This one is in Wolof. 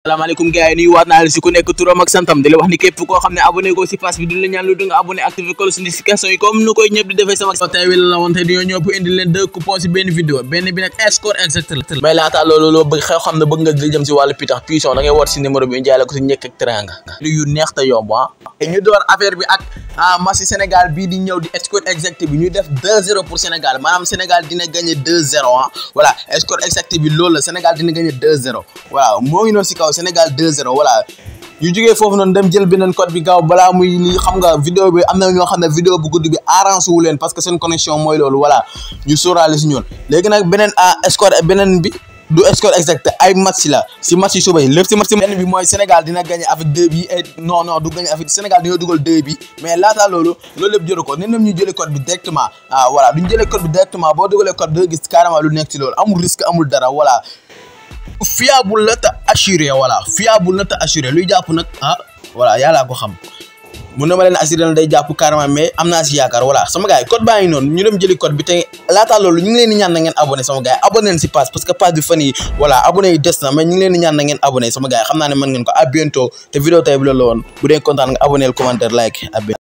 salaamaaleykum gars yi nuyu wat na la si ku nek turam ak santam di wax ni kep ko xamne abonné ko ci page bi du la ñaan lu du nga ya, abonné activer ko si notification yi comme nu koy ñëpp di defee sama tey wi la won tay dañoo ñëpp indi leen deux coupons ci benn vidéo benn bi nak score exact la mais laata loolu loo bëgg xew xamne bëgg nga di jëm si wàllu pitax puissant da ngay woot ci numéro bi ñu ko ci ñekk ak teranga yu neex ta yomb ah ñu door affaire bi ak ah match Sénégal bi di ñëw di score exact bi ñu def 2-0 pour Sénégal manam Sénégal dina gagner 2-0 ah. voilà score exact bi lolu la Sénégal dina gagner 2-0 voilà mo ngi no ci kaw waaw Sénégal 2 voilà ñu jógee foofu noonu dem jël beneen code bi gaaw bala muy li xam nga vidéo bi am na ñoo xam ne vidéo bu gudd bi arrange wu leen parce que seen connexion mooy loolu voilà ñu sóoraale si ñoon léegi nag beneen a score beneen bi du score exact ay match la si match yi suba si match mooy Sénégal dina gagné avec deux bi et non non du gagné avec Sénégal dina dugal deux mais laata loolu loolu lépp jëru ko ne ñu jëlee code bi directement ah voilà duñ jëlee code bi directement boo lu nekk ci loolu amul risque amul dara voilà fiable la te assuré voilà fiable la te assuré luy jàpp nag ah yàllaa ko xam mun na ma leen assuré na day jàpp carrément mais am naa si yaakaar voilà sama gars code baa ngi noonu ñu dem jëli code bi te loolu ñu ngi leen di sama gars yi si pass parce que pass bi fan yi voilà abonné yi des na mais ñu ngi leen di sama gars xam naa ne mën ko à te vidéo tey bi la woon bu dee kontaan nga abonné like